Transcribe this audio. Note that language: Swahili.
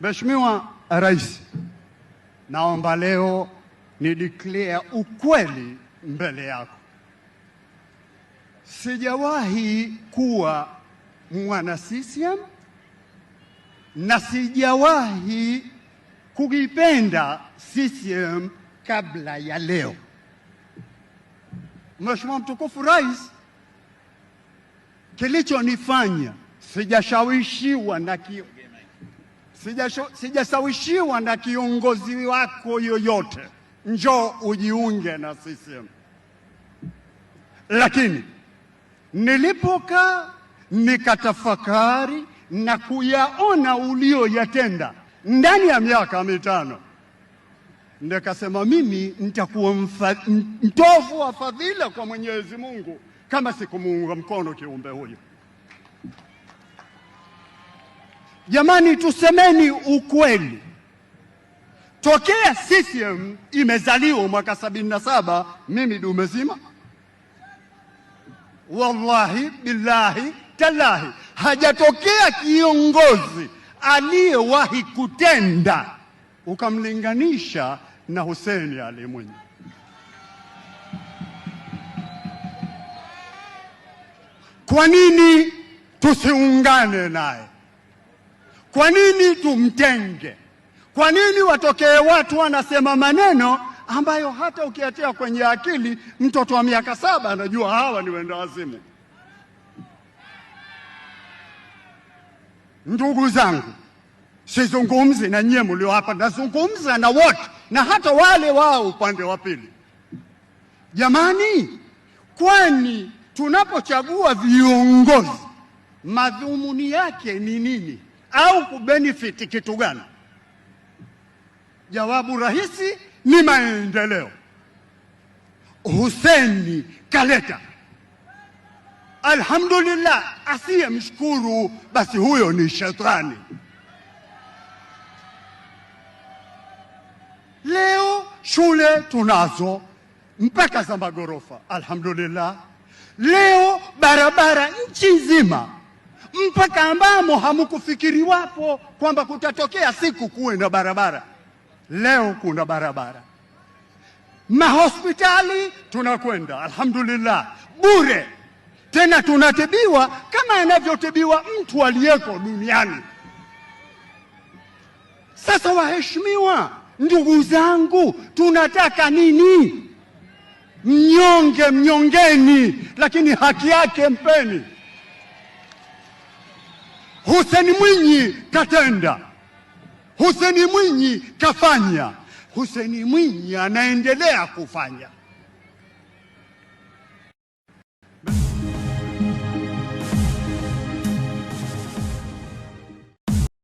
Mheshimiwa Rais, naomba leo ni declare ukweli mbele yako. Sijawahi kuwa mwana CCM na sijawahi kuipenda CCM kabla ya leo. Mheshimiwa mtukufu Rais, kilichonifanya sijashawishiwa na sijasawishiwa na kiongozi wako yoyote, njoo ujiunge na CCM. Lakini nilipokaa nikatafakari na kuyaona ulioyatenda ndani ya miaka mitano, nikasema mimi nitakuwa mtovu wa fadhila kwa Mwenyezi Mungu kama sikumuunga mkono kiumbe huyo. Jamani, tusemeni ukweli. Tokea CCM imezaliwa mwaka saba, mimi dume zima, wallahi billahi tallahi, hajatokea kiongozi aliyewahi kutenda ukamlinganisha na Hussein Ali Mwinyi. Kwa nini tusiungane naye? Kwa nini tumtenge? Kwa nini watokee watu wanasema maneno ambayo hata ukiatia kwenye akili mtoto wa miaka saba anajua hawa ni wenda wazimu? Ndugu zangu, sizungumzi na nyie mlio hapa, nazungumza na wote na hata wale wao upande wa pili. Jamani, kwani tunapochagua viongozi madhumuni yake ni nini? au kubenefiti kitu gani? Jawabu rahisi ni maendeleo. Huseni kaleta, alhamdulillah. Asiyemshukuru basi huyo ni shetani. Leo shule tunazo mpaka za magorofa, alhamdulillah. Leo barabara nchi nzima mpaka ambamo hamukufikiriwapo kwamba kutatokea siku kuwe na barabara. Leo kuna barabara, mahospitali tunakwenda alhamdulillah bure, tena tunatibiwa kama anavyotibiwa mtu aliyeko duniani. Sasa waheshimiwa, ndugu zangu, tunataka nini? Mnyonge mnyongeni, lakini haki yake mpeni huseni Mwinyi katenda, huseni Mwinyi kafanya, huseni Mwinyi anaendelea kufanya.